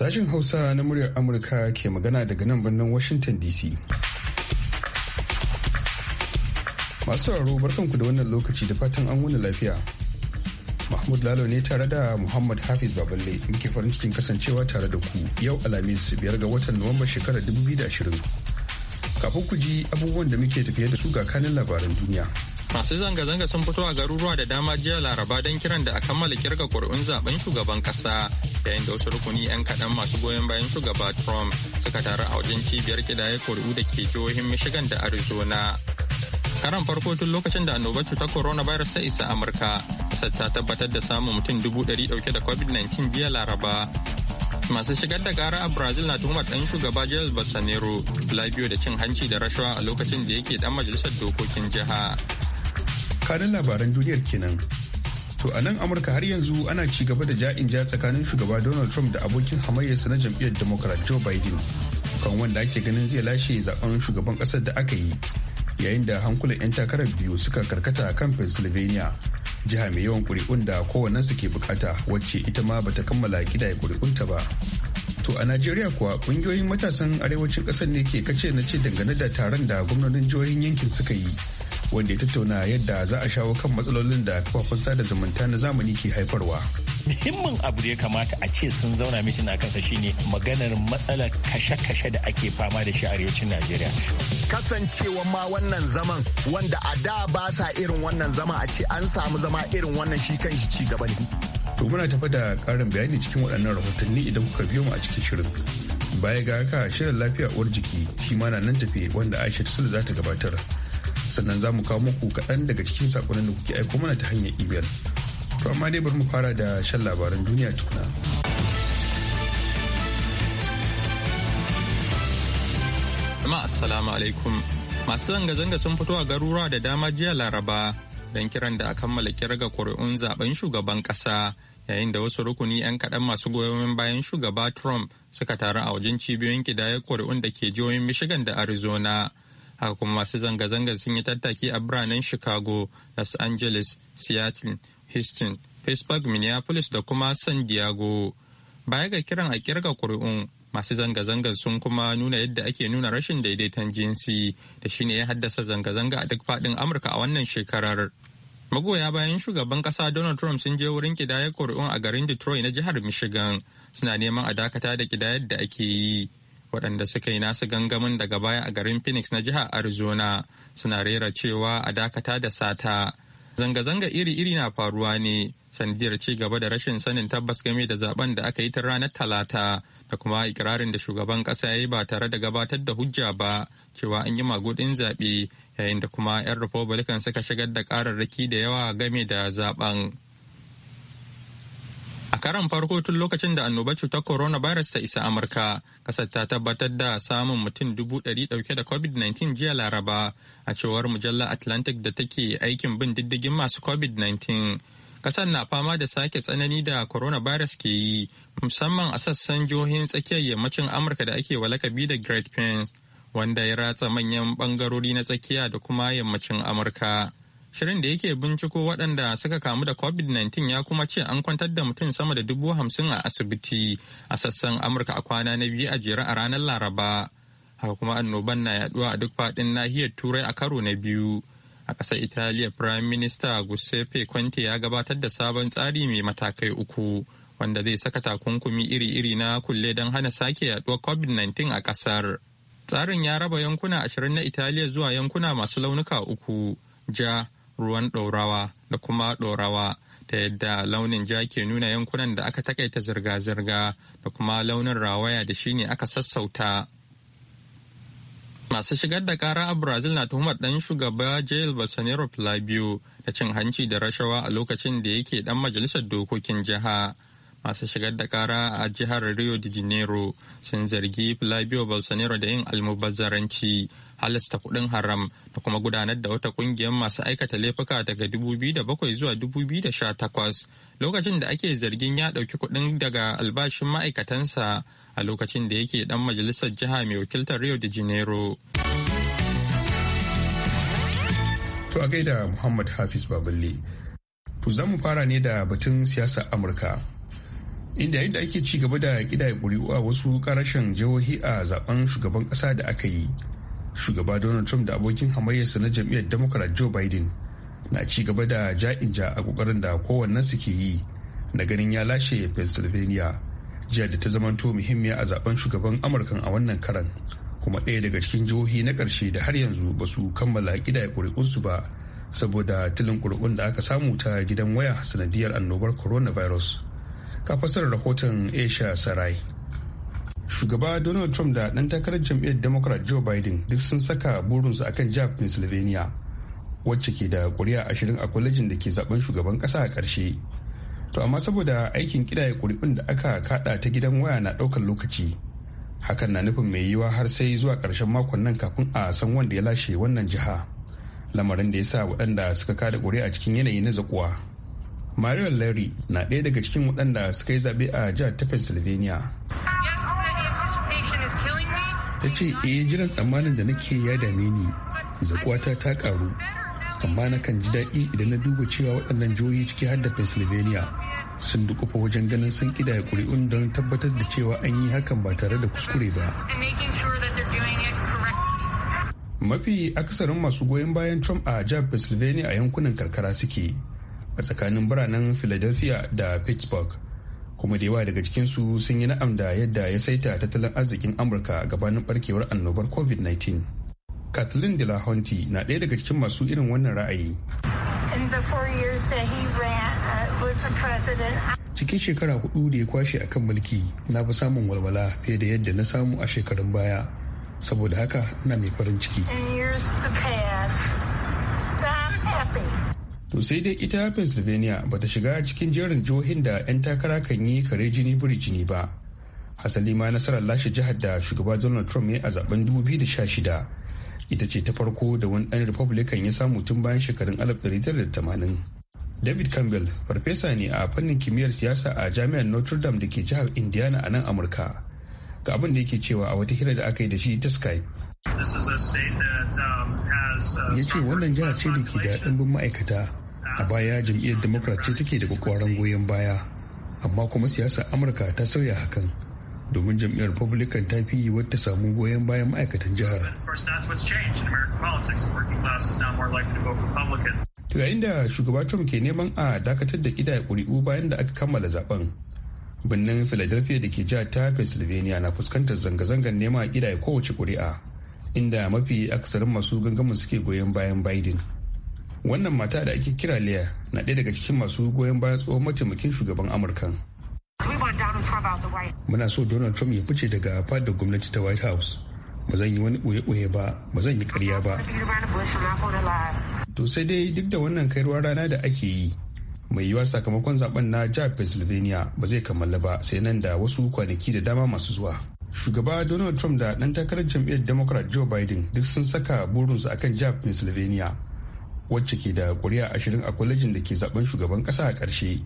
Sashen Hausa na muryar Amurka ke magana daga nan birnin Washington DC. Masu sauraro barkanku da wannan lokaci da fatan an wuni lafiya. Mahmud Lalo ne tare da Muhammad Hafiz Baballe muke farin cikin kasancewa tare da ku yau Alhamis biyar ga watan Nuwamba shekarar 2020. Kafin ku ji abubuwan da muke tafiye da su ga kanin labaran duniya. masu zanga-zanga sun fito a garuruwa da dama jiya laraba don kiran da a kammala kirga kuri'un zaben shugaban kasa yayin da wasu rukuni 'yan kaɗan masu goyon bayan shugaba trump suka taru a wajen cibiyar kidaye kuri'u da ke jihohin michigan da arizona karan farko tun lokacin da annobar cutar coronavirus ta isa amurka kasar ta tabbatar da samun mutum dubu ɗari ɗauke da covid-19 jiya laraba masu shigar da gara a brazil na tuhumar ɗan shugaba jihar bolsonaro labio da cin hanci da rashawa a lokacin da yake dan majalisar dokokin jiha tsakanin labaran duniyar kenan to a nan amurka har yanzu ana ci gaba da ja'in ja tsakanin shugaba donald trump da abokin hamayyarsa na jam'iyyar democrat joe biden kan wanda ake ganin zai lashe zaben shugaban kasar da aka yi yayin da hankulan 'yan takarar biyu suka karkata kan pennsylvania jiha mai yawan ƙuri'un da kowannensu ke bukata wacce ita ma bata kammala gida ya kuri'unta ba to a najeriya kuwa ƙungiyoyin matasan arewacin ƙasar ne ke kace na ce dangane da taron da gwamnonin jihohin yankin suka yi wanda ya tattauna yadda za a shawo kan matsalolin da kafafen sada zumunta na zamani ke haifarwa. Muhimmin abu da ya kamata a ce sun zauna mitin a kansa ne maganar matsalar kashe-kashe da ake fama da shi a arewacin Najeriya. Kasancewa ma wannan zaman wanda a da ba sa irin wannan zama a ce an samu zama irin wannan shi kan shi ci gaba ne. To muna tafi da karin bayani cikin waɗannan rahotanni idan kuka biyo mu a cikin shirin. Baya ga haka shirin lafiya uwar jiki shi ma na nan tafi wanda Aisha Sule za ta gabatar. sannan za mu kawo muku kaɗan daga cikin saƙonin da kuke aiko mana ta hanyar imel. To amma dai bari mu fara da shan labaran duniya tukuna. Jama'a assalamu alaikum. Masu zanga-zanga sun fito a garuruwa da dama jiya Laraba don kiran da a kammala kirga kuri'un zaben shugaban ƙasa yayin da wasu rukuni 'yan kaɗan masu goyon bayan shugaba Trump suka taru a wajen cibiyoyin kidayar kuri'un da ke jihohin Michigan da Arizona haka kuma masu zanga-zangar sun yi tattaki a biranen chicago los angeles seattle houston pittsburgh minneapolis da kuma san diego baya ga kiran a kirga kuri'un masu zanga-zangar sun kuma nuna yadda ake nuna rashin daidaiton jinsi da shine ya haddasa zanga-zanga a duk faɗin amurka a wannan shekarar magoya bayan shugaban kasa donald trump sun je wurin kidayar kuri'un a garin detroit na jihar michigan suna neman a dakata da kidayar da ake yi waɗanda suka yi nasu gangamin daga baya a garin phoenix na jihar arizona suna rera cewa a dakata da sata zanga-zanga iri-iri na faruwa ne sandiyar ci gaba da rashin sanin tabbas game da zaben da aka yi ta ranar talata da kuma ikirarin da shugaban ƙasa ya yi ba tare da gabatar da hujja ba cewa an yi magudin zaɓe yayin da kuma 'yan republican suka shigar da ƙararraki da yawa game da zaben. A karan farko tun lokacin da annobar cutar coronavirus ta isa Amurka, kasar ta tabbatar da samun mutum dubu ɗari ɗauke da COVID-19 jiya Laraba, a cewar mujallar Atlantic da take aikin bin diddigin masu COVID-19. Kasar na fama da sake tsanani da coronavirus ke yi, musamman a sassan jihohin tsakiyar yammacin Amurka da ake walakabi da Great Plains, wanda ya ratsa manyan bangarori na tsakiya da kuma yammacin Amurka. Shirin da yake binciko waɗanda suka kamu da COVID-19 ya kuma ce an kwantar da mutum sama da dubu hamsin a asibiti a sassan Amurka a kwana na biyu a jere a ranar Laraba. Haka kuma annoban na yaduwa a duk faɗin nahiyar Turai a karo na biyu. A ƙasar Italiya, Prime Minister Giuseppe Conte ya gabatar da sabon tsari mai matakai uku, wanda zai saka takunkumi iri-iri na kulle don hana sake yaduwar COVID-19 a ƙasar. Tsarin ya raba yankuna ashirin na Italiya zuwa yankuna masu launuka uku, ja, ruwan ɗorawa da kuma ɗorawa ta yadda launin ja ke nuna yankunan da aka takaita zirga-zirga da kuma launin rawaya da shi ne aka sassauta. Masu shigar da kara a Brazil na tuhumar ɗan shugaba Jail Bolsonaro Flavio da cin hanci da rashawa a lokacin da yake ɗan majalisar dokokin jiha. masu shigar da kara a jihar rio de janeiro sun zargi flavio bolsonaro da yin almubazzaranci halasta kudin haram da kuma gudanar da wata kungiyar masu aikata laifuka daga 2007 zuwa 2018 lokacin da ake zargin ya dauki kudin daga albashin ma'aikatansa a lokacin da yake dan majalisar jiha mai wakiltar rio de janeiro to a gaida muhammad hafiz baballe za mu fara ne da batun siyasar amurka inda yadda ake ci gaba da kidaya ƙuri'u a wasu karashen jihohi a zaben shugaban ƙasa da aka yi shugaba donald trump da abokin hamayyarsa na jam'iyyar democrat joe biden na ci gaba da ja'inja a kokarin da kowannen su ke yi na ganin ya lashe pennsylvania jiya da ta zamanto muhimmiya a zaben shugaban amurkan a wannan karan kuma ɗaya daga cikin jihohi na ƙarshe da har yanzu ba su kammala kidaya ƙuri'unsu ba saboda tilin ƙuri'un da aka samu ta gidan waya sanadiyar annobar coronavirus. kafasar rahoton Asia Sarai. Shugaba Donald Trump da ɗan takarar jam'iyyar Democrat Joe Biden duk sun saka burinsu akan jihar Pennsylvania, wacce ke da kuri'a ashirin a kwalejin da ke zaben shugaban ƙasa a ƙarshe. To amma saboda aikin kidaye kuri'un da aka kaɗa ta gidan waya na ɗaukar lokaci, hakan na nufin mai yiwuwa har sai zuwa ƙarshen makon nan kafin a san wanda ya lashe wannan jiha. Lamarin da ya sa waɗanda suka kada kuri'a cikin yanayi na zakuwa. mario larry na ɗaya daga cikin waɗanda suka yi zaɓe a jihar ta pennsylvania ta ce eh jiran tsammanin da nake ya dame ni zakuwata ta ƙaru amma na kan ji daɗi idan na duba cewa waɗannan jihohi ciki har da pennsylvania sun dukufa wajen ganin sun ya ƙuri'un don tabbatar da cewa an yi hakan ba tare da kuskure ba mafi akasarin masu goyon bayan trump a jihar pennsylvania a yankunan karkara suke a tsakanin biranen philadelphia da pittsburgh kuma da yawa daga cikinsu sun yi na'am da yadda ya saita tattalin arzikin amurka gabanin barkewar annobar covid-19 kathleen de la Honte na ɗaya daga cikin masu irin wannan ra'ayi cikin shekara hudu da ya kwashe a kan mulki na fi samun walwala fiye da yadda na samu a shekarun baya saboda haka na mai farin ciki to sai dai ita pennsylvania ba ta shiga cikin jerin jihohin da 'yan takara kan yi kare jini buri jini ba hasali ma nasarar lashe jihar da shugaba donald trump ya a zaben 2016 ita ce ta farko da wani ɗan republican ya samu tun bayan shekarun 1980 david campbell farfesa ne a fannin kimiyyar siyasa a jami'ar notre dame da ke jihar indiana a nan amurka ga abin da yake cewa a wata hira da aka yi da shi ta skype This is ya ce wannan jihar ce da ke da ɗimbin ma'aikata a baya jam'iyyar democrat ce take da kwakwaran goyon baya amma kuma siyasar amurka ta sauya hakan domin jam'iyyar republican ta fi wata samu goyon bayan ma'aikatan jihar yayin da shugaba trump ke neman a dakatar da kidaya kuri'u bayan da aka kammala zaben birnin philadelphia da ke jihar ta pennsylvania na fuskantar zanga-zangar neman kidaya kowace kuri'a inda mafi akasarin masu gangamin suke goyon bayan biden wannan mata da ake kira leah na ɗaya daga cikin masu goyon bayan tsohon mataimakin shugaban amurka muna so donald trump ya fice daga fadar gwamnati ta white house ba zan yi wani ɓoye-ɓoye ba ba zan yi karya ba to sai dai duk da wannan kairuwar rana da ake yi mai yiwuwa sakamakon zaben na jihar pennsylvania ba zai kammala ba sai nan da wasu kwanaki da dama masu zuwa shugaba donald trump da dan takarar jam'iyyar democrat joe biden duk sun saka burinsu akan jihar pennsylvania wacce ke da kuri'a ashirin a kwalejin da ke zaben shugaban kasa a ƙarshe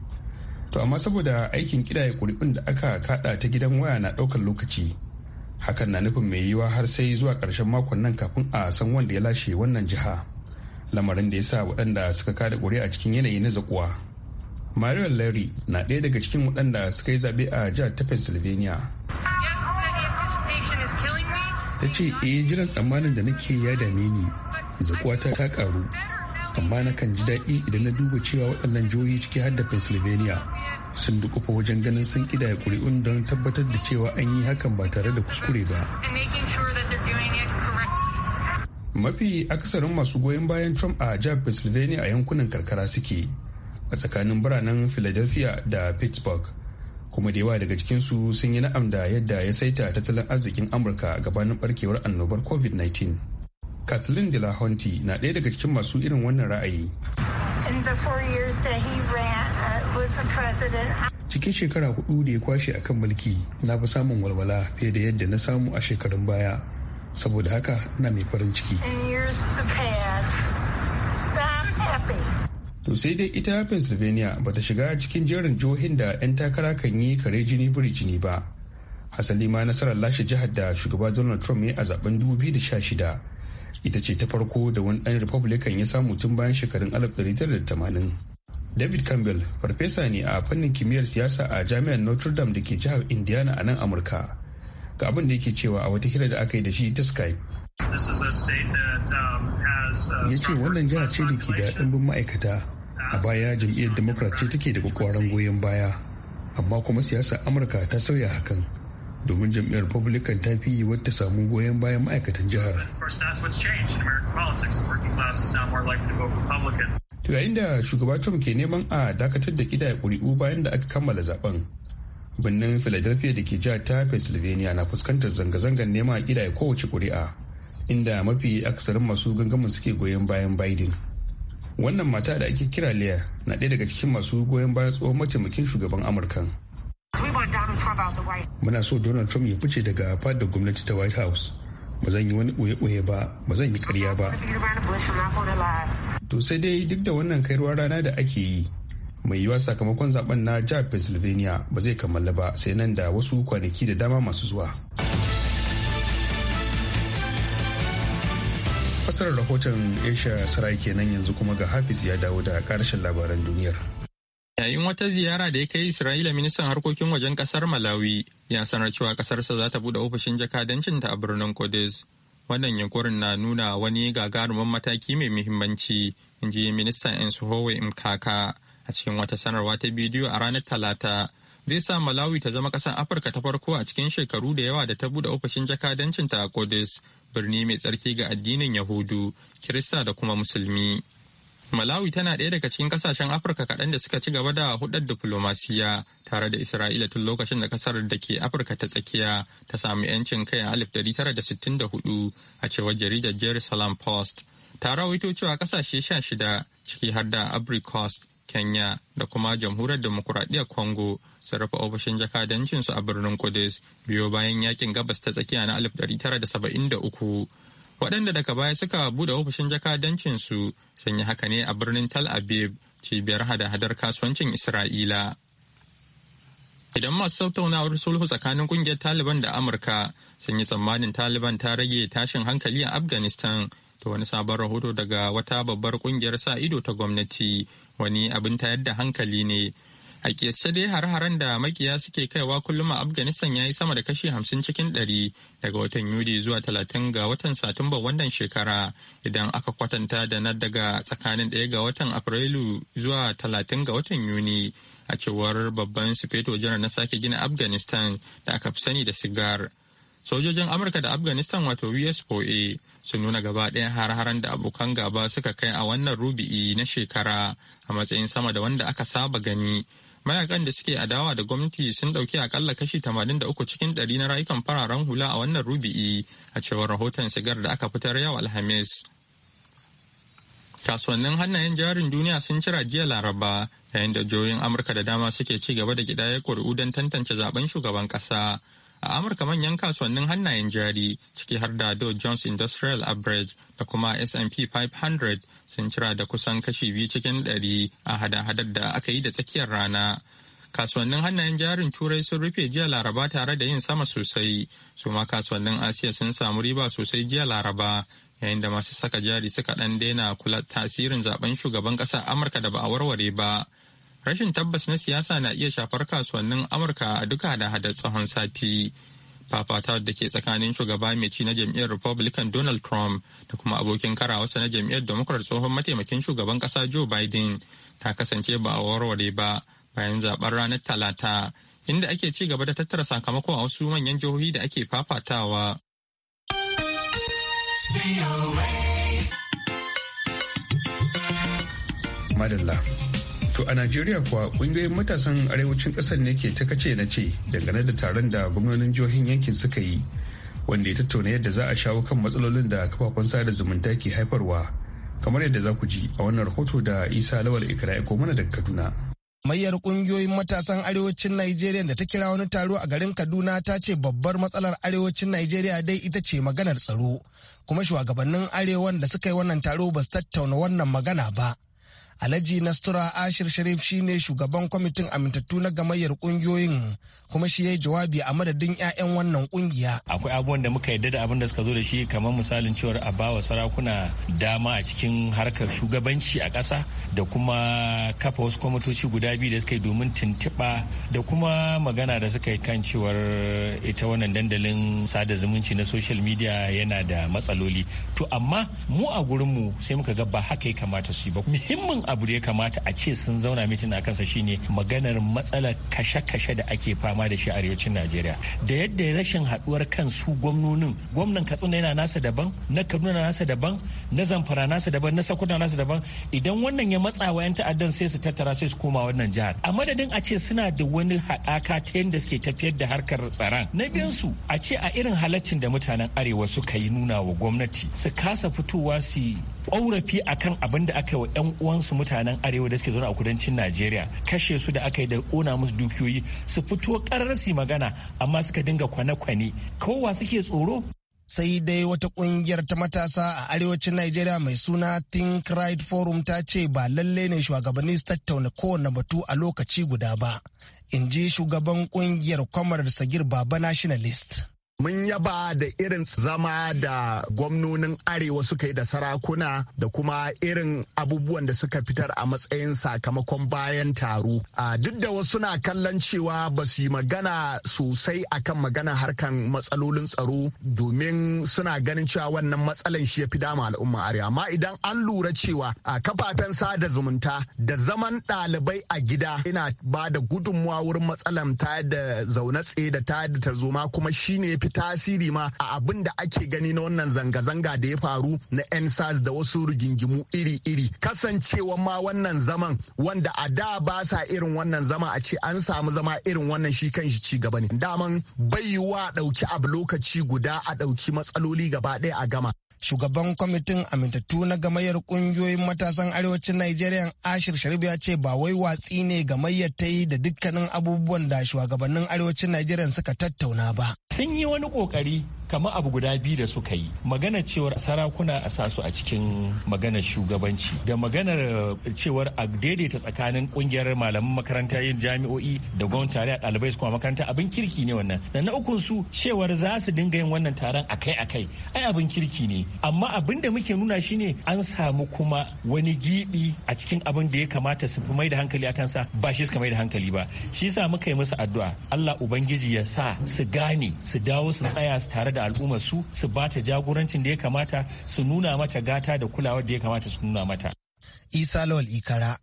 to amma saboda aikin kidaye kuri'un da aka kada ta gidan waya na ɗaukar lokaci hakan na nufin mai yiwuwa har sai zuwa ƙarshen makon nan kafin a san wanda ya lashe wannan jiha lamarin da ya sa waɗanda suka kada kuri'a cikin yanayi na zakuwa Mariel Larry na ɗaya daga cikin waɗanda suka yi zaɓe a jihar ta Pennsylvania. ta ce eh jiran tsammanin da nake ya dame ni zakuwata ta karu amma na kan ji daɗi idan na duba cewa waɗannan jihohi ciki har da pennsylvania sun dukufa wajen ganin sun ya ƙuri'un don tabbatar da cewa an yi hakan ba tare da kuskure ba mafi akasarin masu goyon bayan trump a jihar pennsylvania a yankunan karkara suke a tsakanin biranen philadelphia da pittsburgh kuma da yawa daga cikinsu sun yi na'am da yadda ya saita tattalin arzikin amurka gabanin barkewar annobar covid-19 kathleen de la honti na ɗaya daga cikin masu irin wannan ra'ayi uh, cikin shekara hudu da ya kwashe a kan mulki na fi samun walwala fiye da yadda na samu a shekarun baya saboda haka na mai farin ciki to sai dai ita pennsylvania ba ta shiga cikin jerin jihohin da 'yan takara kan yi kare jini biri jini ba hasali ma nasarar lashe jihar da shugaba donald trump ya a zaben 2016 ita ce ta farko da wani dan republican ya samu tun bayan shekarun 1980 david campbell farfesa ne a fannin kimiyyar siyasa a jami'ar notre dame da ke jihar indiana a nan amurka ga abin da yake cewa a wata hira da aka yi da shi ta skype um, uh, ya ce wannan jihar ce da ke da ɗimbin ma'aikata a baya jam'iyyar democrat ce take da kwakwaran goyon baya amma kuma siyasar amurka ta sauya hakan domin jam'iyyar republican ta fi wata samu goyon bayan ma'aikatan jihar yayin da shugaba trump ke neman a dakatar da kidaya kuri'u bayan da aka kammala zaben birnin philadelphia da ke jihar ta pennsylvania na fuskantar zanga-zangar neman a kidaya kowace kuri'a inda mafi akasarin masu gangamin suke goyon bayan biden wannan mata da ake kira leah na ɗaya daga cikin masu goyon bayan tsohon mataimakin shugaban amurka muna so donald trump ya fice daga fadar gwamnati ta white house ba zan yi wani ɓoye-ɓoye ba ba zan yi karya ba to sai dai duk da wannan kairuwar rana da ake yi mai yiwa sakamakon zaben na jihar pennsylvania ba zai kammala ba sai nan da wasu kwanaki da dama masu zuwa. fassarar rahoton asia sarai kenan yanzu kuma ga hafiz ya dawo da karshen labaran duniyar yayin wata ziyara da ya kai isra'ila ministan harkokin wajen kasar malawi ya sanar cewa kasarsa za ta bude ofishin jakadancinta a birnin kudus wannan yankurin na nuna wani gagarumin mataki mai muhimmanci in ji ministan in imkaka a cikin wata sanarwa ta bidiyo a ranar talata zai sa malawi ta zama ƙasar afirka ta farko a cikin shekaru da yawa da ta bude ofishin jakadancin ta a kudus birni mai tsarki ga addinin Yahudu, Kirista da kuma Musulmi. Malawi tana ɗaya daga cikin ƙasashen Afirka kaɗan da suka ci gaba da hudar diflomasiya tare da Isra'ila tun lokacin da ƙasar da ke Afirka ta tsakiya ta sami 'yancin kai a 1964 a cewar jaridar Jerusalem Post. Ta rawaito cewa kasashe 16 ciki har da Ivory Coast, kenya da kuma jamhuriyar demokuraɗiyyar congo sun rufe ofishin jakadancinsu a birnin kudus biyo bayan yakin gabas ta tsakiya na 1973 waɗanda daga baya suka buɗe ofishin jakadancinsu sun yi haka ne a birnin tal aviv cibiyar hada-hadar kasuwancin isra'ila idan masu tattaunawar sulhu tsakanin kungiyar taliban da amurka sun yi tsammanin taliban ta rage tashin hankali a afghanistan ta wani sabon rahoto daga wata babbar kungiyar sa ido ta gwamnati wani abin tayar da hankali ne a kiyasce dai har-haren da makiya suke kaiwa kullum a afghanistan ya yi sama da kashi hamsin cikin ɗari daga watan yuli zuwa talatin ga watan satumba wannan shekara idan aka kwatanta da na daga tsakanin ɗaya ga watan afrilu zuwa talatin ga watan yuni a cewar babban sufeto janar na sake gina afghanistan da aka fi sani da sigar sojojin amurka da afghanistan wato uspoa sun nuna gaba ɗayan har-haren da abokan gaba suka kai a wannan rubi'i na shekara a matsayin sama da wanda aka saba gani mayakan da suke adawa da gwamnati sun ɗauki akalla kashi da uku cikin ɗari na rayukan fararen hula a wannan rubi'i a cewar rahoton sigar da aka fitar yau alhamis kasuwannin hannayen jarin duniya sun cira jiya laraba yayin da jihohin amurka da dama suke ci gaba da ya ƙuri'u don tantance zaben shugaban ƙasa a amurka manyan kasuwannin hannayen jari ciki har da dow jones industrial average da kuma S&P 500 sun cira da kusan kashi biyu cikin ɗari a hada-hadar da aka yi da tsakiyar rana. Kasuwannin hannayen jarin Turai sun rufe jiya Laraba tare da yin sama sosai, su ma kasuwannin Asiya sun samu riba sosai jiya Laraba, yayin da masu saka jari suka ɗan daina kula tasirin zaben shugaban ƙasa Amurka da ba a warware ba. rashin tabbas na siyasa na iya shafar kasuwannin amurka a duka da hada tsawon sati fafata da ke tsakanin shugaba mai ci na jam'iyyar republican donald trump da kuma abokin karawarsa na jam'iyyar democrat tsohon mataimakin shugaban kasa joe biden ta kasance ba a warware ba bayan zaben ranar talata inda ake ci gaba da tattara sakamako a wasu manyan jihohi da ake fafatawa madalla To a Najeriya kuwa kungiyoyin matasan arewacin ƙasar ne ke ta kace na ce dangane da taron da gwamnonin jihohin yankin suka yi wanda ya tattauna yadda za a shawo kan matsalolin da kafafen sada zumunta ke haifarwa kamar yadda za ku ji a wannan rahoto da Isa Lawal ikira ya mana daga Kaduna. Mayar kungiyoyin matasan arewacin Najeriya da ta kira wani taro a garin Kaduna ta ce babbar matsalar arewacin Najeriya dai ita ce maganar tsaro. Kuma shugabannin arewan da suka yi wannan taro ba su tattauna wannan magana ba. Alhaji Nastura Ashir Sharif shine shugaban kwamitin amintattu na gamayyar kungiyoyin kuma shi ya yi jawabi a madadin 'ya'yan wannan kungiya. Akwai abubuwan da muka yarda da abin da suka zo da shi kamar misalin cewar a bawa sarakuna dama a cikin harkar shugabanci a ƙasa da kuma kafa wasu kwamitoci guda biyu da suka yi domin tuntuɓa da kuma magana da suka yi kan cewar ita wannan dandalin sada zumunci na social media yana da matsaloli. To amma mu a gurinmu sai muka ga ba haka ya kamata su yi ba. Muhimmin abu da ya kamata a ce sun zauna mitin a kansa shine maganar matsalar kashe-kashe da ake fama da shi a arewacin Najeriya da yadda rashin haduwar kan su gwamnonin gwamnan Katsina yana nasa daban na Kaduna nasa daban na Zamfara nasa daban na Sokoto nasa daban idan wannan ya matsa wa 'yan ta'addan sai su tattara sai su koma wannan jihar a madadin a ce suna da wani haɗaka ta yadda suke tafiyar da harkar tsaron na biyan su a ce a irin halaccin da mutanen arewa suka yi nuna wa gwamnati su kasa fitowa su ƙorafi akan abin da aka yi wa 'yan uwansu mutanen arewa da suke zaune a kudancin najeriya kashe su da aka yi da ƙona musu dukiyoyi su fito ƙarar su magana amma suka dinga kwane-kwane kowa suke tsoro sai dai wata kungiyar ta matasa a arewacin Najeriya mai suna Think Right Forum ta ce ba lalle ne shugabanni su tattauna kowane batu a lokaci guda ba. In ji shugaban kungiyar kwamar Sagir Baba Nationalist. Mun yaba da irin zama da gwamnonin Arewa suka yi da sarakuna da kuma irin abubuwan da suka fitar a matsayin sakamakon bayan taro. Duk da wasu na kallon cewa ba su yi magana sosai akan magana harkan matsalolin tsaro domin suna ganin cewa wannan matsalan shi ya fi dama al'umma Arewa. Amma idan an lura cewa a kafafen sada zumunta da zaman ɗalibai a gida ina ba da gudunmuwa wurin matsalan ta da zaune tsaye da ta da tarzoma kuma shine ya tasiri ma a abin da ake gani na wannan zanga-zanga da ya faru na 'yan sars da wasu rigingimu iri-iri kasancewa ma wannan zaman wanda a da ba sa irin wannan zama a ce an samu zama irin wannan shi kan shi ci gaba ne daman bai yiwuwa ɗauki abu lokaci guda a ɗauki matsaloli gaba ɗaya a gama shugaban kwamitin amintattu na gamayyar kungiyoyin matasan arewacin Najeriya Ashir Sharif ya ce ba wai watsi ne gamayyar ta yi da dukkanin abubuwan da shugabannin arewacin Najeriya suka tattauna ba. Sun yi wani kokari kamar abu guda biyu da suka yi magana cewar sarakuna a sasu a cikin magana shugabanci da maganar cewar a daidaita tsakanin kungiyar malaman makaranta yin jami'o'i da gwamnati tare a ɗalibai su kuma makaranta abin kirki ne wannan da na ukun su cewar za su dinga yin wannan taron akai akai ai abin kirki ne amma abin da muke nuna shine an samu kuma wani gibi a cikin abin da ya kamata su fi mai da hankali akan sa ba shi suka mai da hankali ba shi yasa muka yi musu addu'a Allah ubangiji ya sa su gane su dawo su tsaya tare da al'umma al'ummar su su ba ta jagorancin da ya kamata su nuna mata gata da kulawa da ya kamata su nuna mata. Isa Lawal Ikara,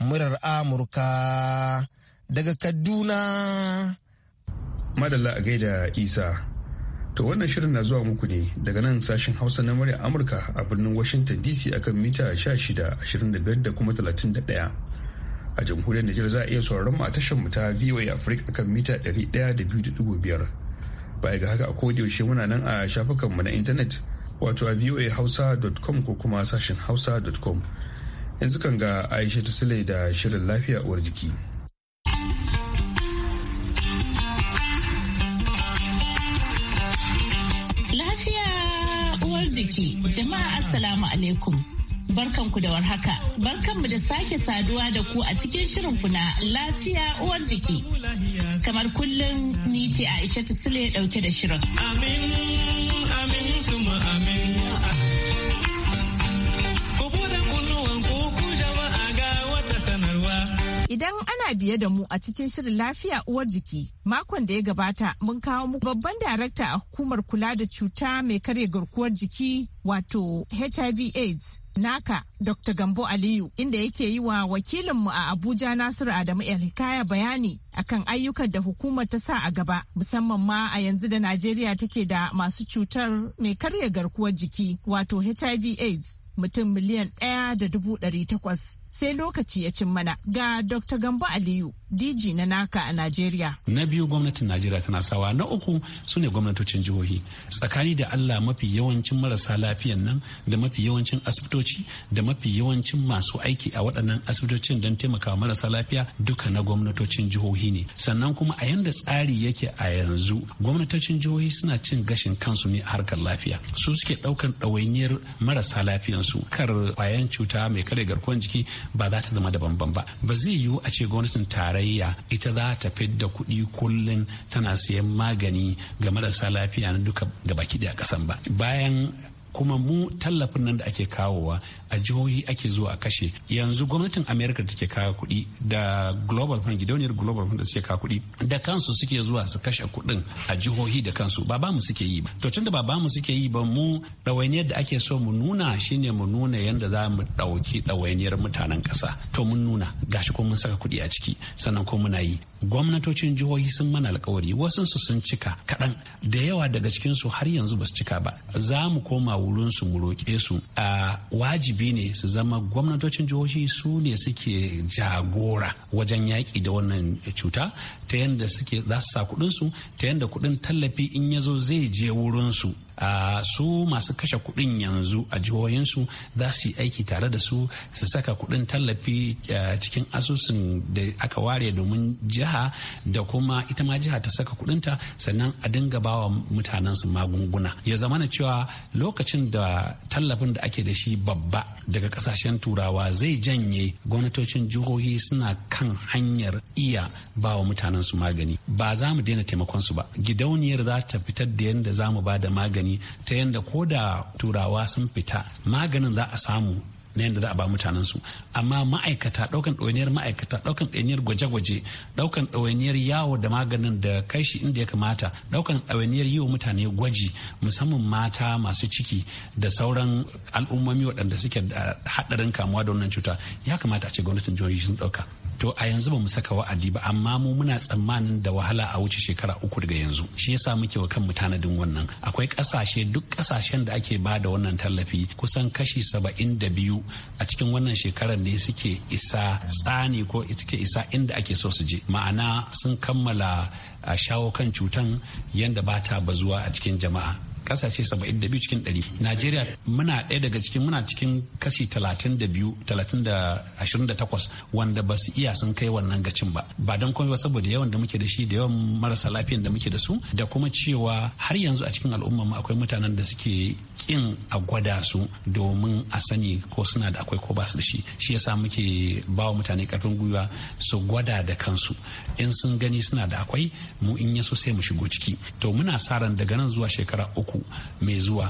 murar Amurka daga Kaduna. Madalla a gaida Isa. To wannan shirin na zuwa muku ne daga nan sashen Hausa na murya Amurka a birnin Washington DC akan mita 16, da kuma 31. A jamhuriyar Nijar za a iya sauraron mu a tashar mu ta VOA Africa akan mita 102.5. baya ga haka a yaushe muna nan a shafukanmu na intanet wato a voahausa.com ko kuma sashen hausa.com yanzu kan ga aisha ta sile da shirin lafiya uwarjiki. lafiya uwar jiki jama'a assalamu alaikum Barkanku da warhaka. Barkanmu da sake saduwa da ku a cikin shirin ku na lafiya uwar jiki. Kamar kullum ni ce Aisha Sule dauke da shirin. Amin, amin, tuma amin. Idan ana biye da mu a cikin shirin lafiya uwar jiki, makon da ya gabata mun kawo muku babban darakta a hukumar kula da cuta mai karya garkuwar jiki wato HIV AIDS naka Dr. Gambo Aliyu inda yake yi wa wakilinmu a Abuja Nasiru Adamu Hikaya bayani akan ayyukan da hukumar ta sa a gaba musamman ma a yanzu da Najeriya take da masu cutar mai karya garkuwar jiki wato HIV AIDS mutum miliyan ɗaya da dubu ɗari takwas sai lokaci ya cin mana ga Dr. Gambo Aliyu DG na naka a Najeriya. Na biyu gwamnatin Najeriya tana sawa na uku su ne gwamnatocin jihohi tsakani da Allah mafi yawancin marasa lafiyan nan da mafi yawancin asibitoci da mafi yawancin masu aiki a waɗannan asibitocin don taimakawa marasa lafiya duka na gwamnatocin jihohi ne sannan kuma a yanda tsari yake a yanzu gwamnatocin jihohi suna cin gashin kansu ne a harkar lafiya su suke ɗaukan ɗawainiyar marasa lafiyansu kar kwayan cuta mai kare garkuwar jiki ba za ta zama da ban ba ba zai yiwu a ce gwamnatin tarayya ita za ta fidda kuɗi kullum tana sayan magani ga marasa lafiya na duka gabaki da kasan ba bayan kuma mu tallafin nan da ake kawowa a jihohi ake zuwa a kashe yanzu gwamnatin america take kawo kuɗi da global fund gidauniyar global fund da suke kawo kuɗi da kansu suke zuwa su kashe kuɗin a jihohi da kansu ba ba mu suke yi ba to tunda ba ba mu suke yi ba mu ɗawainiyar da ake so mu nuna shine mu nuna yadda za mu ɗauki ɗawainiyar mutanen ƙasa to mun nuna gashi kuma mun saka kuɗi a ciki sannan ko muna yi gwamnatocin jihohi sun mana alkawari wasunsu sun cika kaɗan da yawa daga cikinsu har yanzu basu cika ba za mu koma wurinsu mu roƙe su a wajibi ne su zama gwamnatocin jihohi su ne suke jagora wajen yaƙi da wannan cuta ta yadda suke za su sa kuɗinsu ta yadda kuɗin tallafi in ya zo zai je wurinsu a su masu kashe kuɗin yanzu a jihohinsu za su yi aiki tare da su su saka kuɗin tallafi cikin asusun da aka ware domin jiha da kuma ita ma jiha ta saka kuɗinta sannan a dinga bawa mutanensu magunguna ya zama na cewa lokacin da tallafin da ake da shi babba daga kasashen turawa zai janye gwamnatocin jihohi suna kan hanyar iya bawa mutanensu magani ba za mu daina taimakon su ba gidauniyar za ta fitar da yadda za mu ba da magani magani ta yadda ko da turawa sun fita maganin za a samu na yadda za a ba mutanen su amma ma'aikata daukan ɗawainiyar ma'aikata daukan ɗawainiyar gwaje-gwaje daukan ɗawainiyar yawo da maganin da kai shi inda ya kamata daukan ɗawainiyar yi wa mutane gwaji musamman mata masu ciki da sauran al'ummomi waɗanda suke da haɗarin kamuwa da wannan cuta ya kamata a ce gwamnatin jihohi sun ɗauka to a yanzu ba mu saka wa'adi ba amma mu muna tsammanin da wahala a wuce shekara uku daga yanzu shi yasa muke wa kanmu tanadin wannan akwai kasashe duk kasashen da ake ba da wannan tallafi kusan kashi saba'in da biyu a cikin wannan shekarar ne suke isa tsani ko suke isa inda ake so su je ma'ana sun kammala a shawo kan cutan yadda ba ta bazuwa a cikin jama'a kasashe 72 cikin 100 najeriya muna ɗaya daga cikin muna cikin kashi 32 28 wanda ba su iya sun kai wannan gacin ba ba don komai ba saboda yawan da muke da shi da yawan marasa lafiyan da muke da su da kuma cewa har yanzu a cikin al'umma mu akwai mutanen da suke kin a gwada su domin a sani ko suna da akwai ko ba su da shi shi yasa muke ba wa mutane karfin gwiwa su gwada da kansu in sun gani suna da akwai mu in yaso sai mu shigo ciki to muna sa ran daga nan zuwa shekara uku uku mai zuwa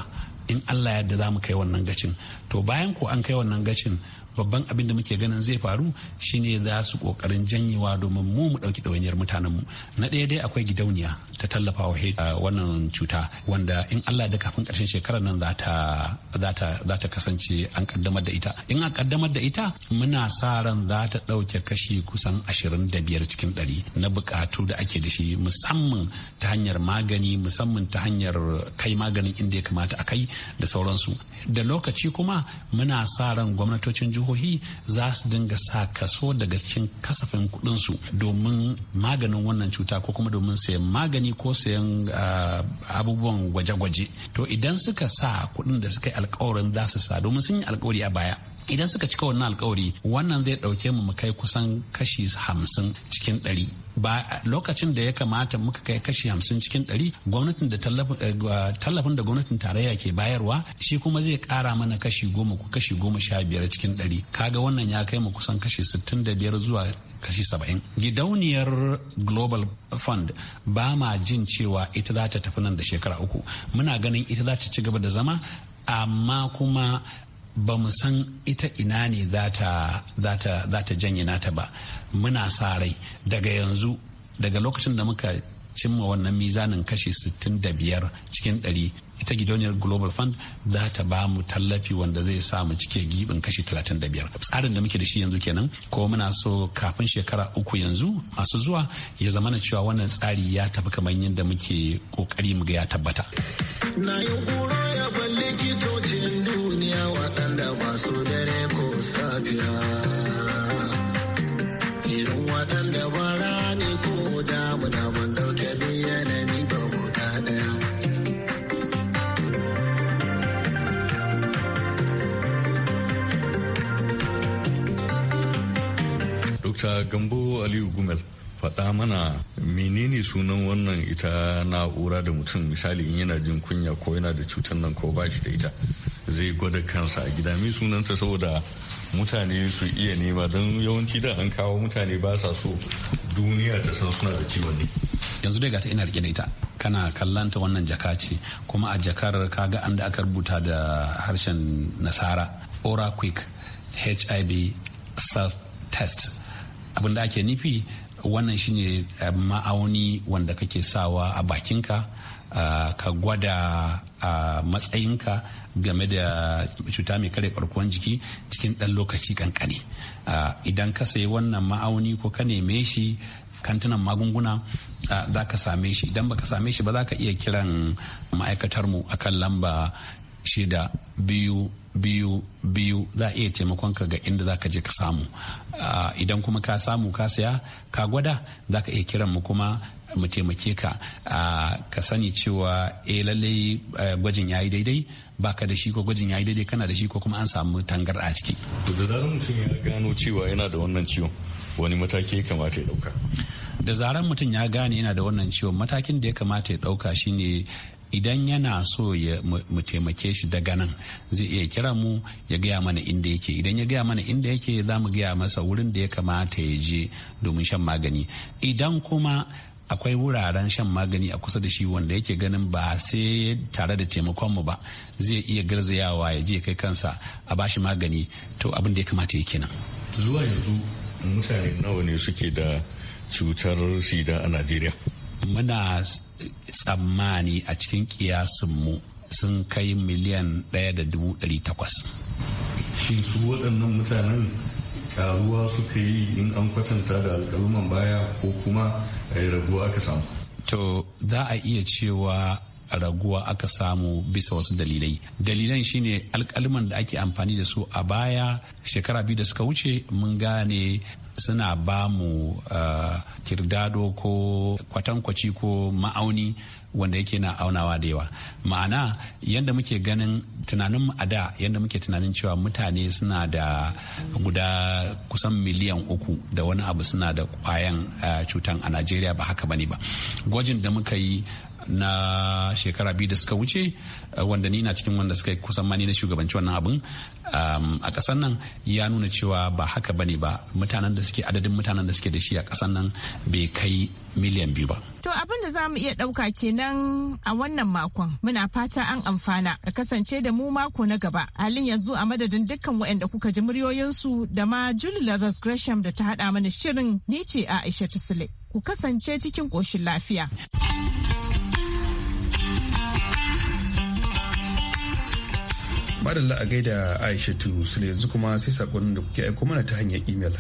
in allah yadda za mu kai wannan gacin to bayan ku an kai wannan gacin babban abin da muke ganin zai faru shine za su kokarin janyewa domin mu mu dauki ɗawainiyar mutanen mu na ɗaya dai akwai gidauniya ta tallafa wa ah, wannan cuta wanda in Allah da kafin ƙarshen shekarar nan za ta kasance an kaddamar da ita in an kaddamar da ita muna sa ran za ta ɗauke kashi kusan ashirin da biyar cikin ɗari na buƙatu da ake da shi musamman ta hanyar magani musamman ta hanyar kai maganin inda ya kamata a kai da sauransu da lokaci kuma muna sa ran gwamnatocin jihohi za su dinga sa kaso daga cikin kasafin kuɗinsu domin maganin wannan cuta ko kuma domin sayan magani ko sayan ah, abubuwan gwaje-gwaje to idan suka sa kuɗin da suka yi alkawarin za su sa domin sun yi alkawari a baya idan suka cika wannan alkawari wannan zai ɗauke mu mu kai kusan kashi hamsin cikin ɗari ba lokacin da ya kamata muka kai kashi hamsin cikin ɗari gwamnatin da eh, tallafin da gwamnatin tarayya ke bayarwa shi kuma zai ƙara mana kashi goma ko kashi goma sha biyar cikin ɗari kaga wannan ya kai mu kusan kashi sittin da biyar zuwa kashi saba'in gidauniyar global fund ba ma jin cewa ita za ta tafi nan da shekara uku muna ganin ita za ta ci gaba da zama amma kuma ba mu san ita ina ne za ta janye nata ba muna sa rai daga yanzu daga lokacin da muka cimma wannan mizanin kashi 65 cikin ɗari ita gidauniyar global fund za ta ba mu tallafi wanda zai sa mu cike gibin kashi 35 tsarin da muke da shi yanzu kenan ko muna so kafin shekara uku yanzu masu zuwa ya zama na cewa wannan tsari ya tafi kamar yadda muke kokari mu ga ya tabbata na yi kura ya balle kitocin duniya waɗanda ba su dare ko safiya irin waɗanda ba ko ita Gambo Aliyu Gumel faɗa mana menene sunan wannan ita na'ura da mutum misali in yana jin kunya ko yana da cutar nan ko ba shi da ita zai gwada kansa a gida mai sunanta saboda mutane su iya nema don yawanci da an kawo mutane ba sa so duniya ta san suna da ciwon ne yanzu dai gata ina rike da ita kana kallanta wannan jaka ce kuma a jakar kaga an da aka rubuta da harshen nasara ora hiv self test abin da ake nufi wannan shine eh, ma'auni wanda kake sawa a bakinka eh, ka gwada a eh, matsayinka game da cuta mai kare karkuwan jiki cikin ɗan lokaci kankani idan ka sayi wannan ma'auni ko ka neme shi kantunan magunguna za ka same shi idan baka same shi ba za ka iya kiran ma'aikatar mu akan lamba shida biyu biyu biyu za a iya taimakon ka ga inda za ka je ka samu idan kuma ka samu ka saya ka gwada za ka iya kiran mu kuma mu taimake ka ka sani cewa eh lallai eh, gwajin yayi daidai ba ka da shi ko gwajin yayi daidai kana da shi ko kuma an samu tangar a ciki da zarar mutum ya gano cewa yana da wannan ciwon wani mataki ya kamata ya dauka da zarar mutum ya gane yana da wannan ciwon matakin da ya kamata ya dauka shine idan yana so ya mu taimake shi daga nan zai iya kira mu ya gaya mana inda yake idan ya gaya mana inda yake za mu gaya masa wurin da ya kamata ya je domin shan magani idan kuma akwai wuraren shan magani a kusa da shi wanda yake ganin ba sai tare da taimakon mu ba zai iya garzayawa ya je kai kansa a bashi magani to abin da ya kamata ya kenan zuwa yanzu mutane nawa ne suke da cutar sida a najeriya muna tsammani a cikin kiyasinmu sun kai miliyan ɗaya da dubu ɗari takwas. shi su waɗannan mutanen karuwa suka yi in an kwatanta da alƙaluman baya ko kuma raguwa aka samu to za a iya cewa raguwa aka samu bisa wasu dalilai dalilan shine alkaliman da ake amfani da su a baya shekara biyu da suka wuce mun gane suna ba mu eh, kirdado ko kwatankwaci ko ma'auni wanda yake na aunawa da yawa ma'ana yadda muke ganin tunanin a da yadda muke tunanin cewa mutane suna da guda kusan miliyan uku da wani abu suna da kwayan eh, cutan a najeriya ba haka bane ba gwajin da muka yi na shekara biyu da suka wuce eh, wanda ni na cikin wanda suka kusan mani na shugabanci wannan abin a kasan nan ya nuna cewa ba haka bane ba mutanen da suke adadin mutanen da suke da shi a kasan nan bai kai miliyan biyu ba. To abin da zamu iya ɗauka kenan a wannan makon muna fata an amfana a kasance da mu mako na gaba halin yanzu a madadin dukkan waɗanda kuka ji su da ma Julie Lazarus Gresham da ta haɗa mana shirin ni ce a Aisha Tusule. Ku kasance cikin koshin lafiya. madalla a gaida aisha sule yanzu kuma sai sakonin da kuke aiko mana ta hanyar imel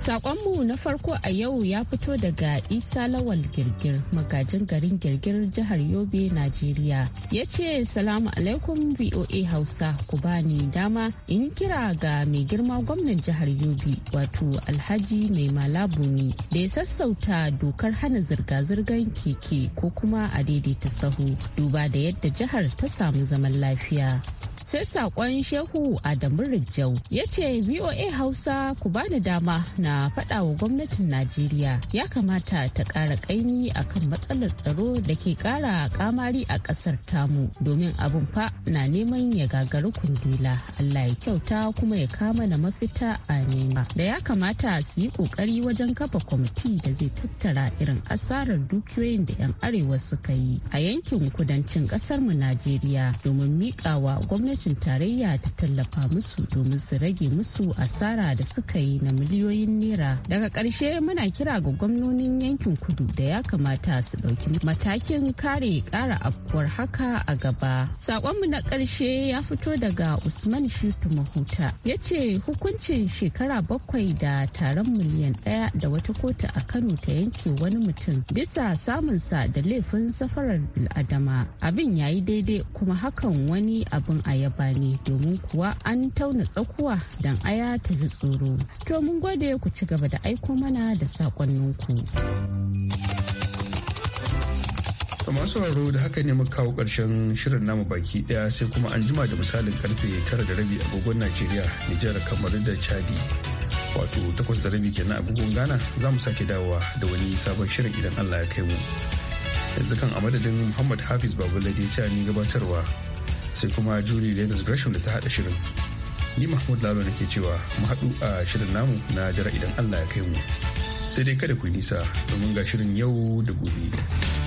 Sakonmu na farko a yau ya fito daga Isa Lawal Girgir, magajin garin Girgir jihar Yobe, Najeriya. Ya ce, Salamu alaikum VOA Hausa, ku bani dama in kira ga mai girma gwamnan jihar Yobe, wato Alhaji Mai Malabuni, da ya sassauta dokar hana zirga-zirgar keke ko kuma a daidaita sahu, duba da yadda jihar ta samu zaman lafiya. sai sakon shehu adamu rijau ya ce voa hausa ku bani dama na faɗa wa gwamnatin najeriya ya kamata ta ƙara ƙaimi kan matsalar tsaro da ke ƙara kamari a ƙasar tamu domin abin fa na neman ya gagari kundila allah ya kyauta kuma ya kama na mafita a nema da ya kamata su yi ƙoƙari wajen kafa kwamiti da zai tattara irin asarar dukiyoyin da 'yan arewa suka yi a yankin kudancin ƙasarmu najeriya domin miƙawa gwamnati gwamnatin tarayya ta tallafa musu domin su rage musu asara da suka yi na miliyoyin naira daga ƙarshe muna kira ga gwamnonin yankin kudu da ya kamata su ɗauki matakin kare ƙara afkuwar haka a gaba saƙonmu na ƙarshe ya fito daga usman shitu mahuta ya ce hukuncin shekara bakwai da taron miliyan ɗaya da wata kotu a kano ta yanke wani mutum bisa samunsa da laifin safarar biladama abin ya yi daidai kuma hakan wani abin a ne domin kuwa an tauna tsakuwa don aya ta ji tsoro. To mun gode ku ci gaba da aiko mana da saƙonninku. masu sauraro da haka ne muka kawo ƙarshen shirin namu baki ɗaya sai kuma an jima da misalin karfe tara da rabi agogon najeriya nijar kamar da chadi wato takwas da rabi kenan agogon ghana za mu sake dawowa da wani sabon shirin idan allah ya kai mu yanzu kan a madadin muhammad hafiz babalade ta ni gabatarwa sai kuma juri Leathers Gresham da ta haɗa shirin. Ni Mahmud Lalo da ke cewa mu haɗu a shirin namu na jira idan Allah ya kai mu. Sai dai kada ku nisa domin ga shirin yau da gobe.